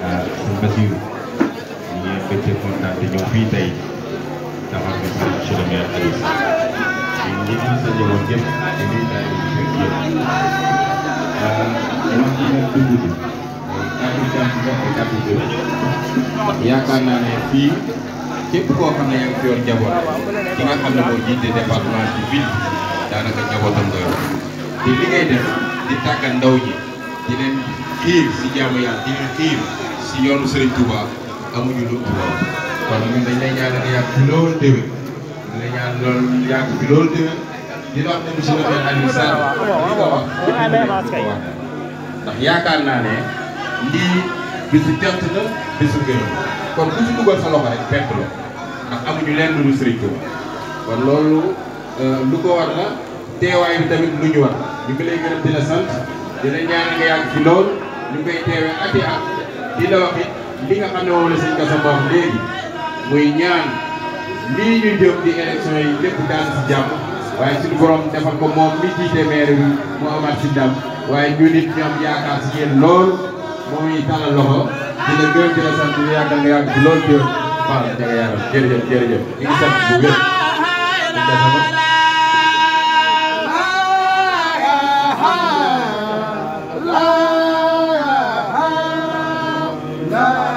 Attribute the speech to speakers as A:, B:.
A: sëñ di fi def di tàggat ndaw di leen xiir si jamu yàlla di leen si yoonu Serigne Touba amuñu lu Touba kon ñun dañ lay ñaanal yàgg fi loolu yàgg fi loolu déwén di wax le maire Alioune Sarr euh, lu ko war la lu ñu war ñu ngi nga yàgg fi lool ñu koy teewee ati at di la li nga xam ne moom la sëñ muy ñaan ñu jëm di élection yi lépp daal ci jàmm waaye suñu borom defal ko moom mi jiite maire bi mu amaat ci ndam waaye ñu nit ñoom yaakaar ci yéen lool moom yi tàllal loxo di la di la sant di nga lool ngi sant bu Yeah.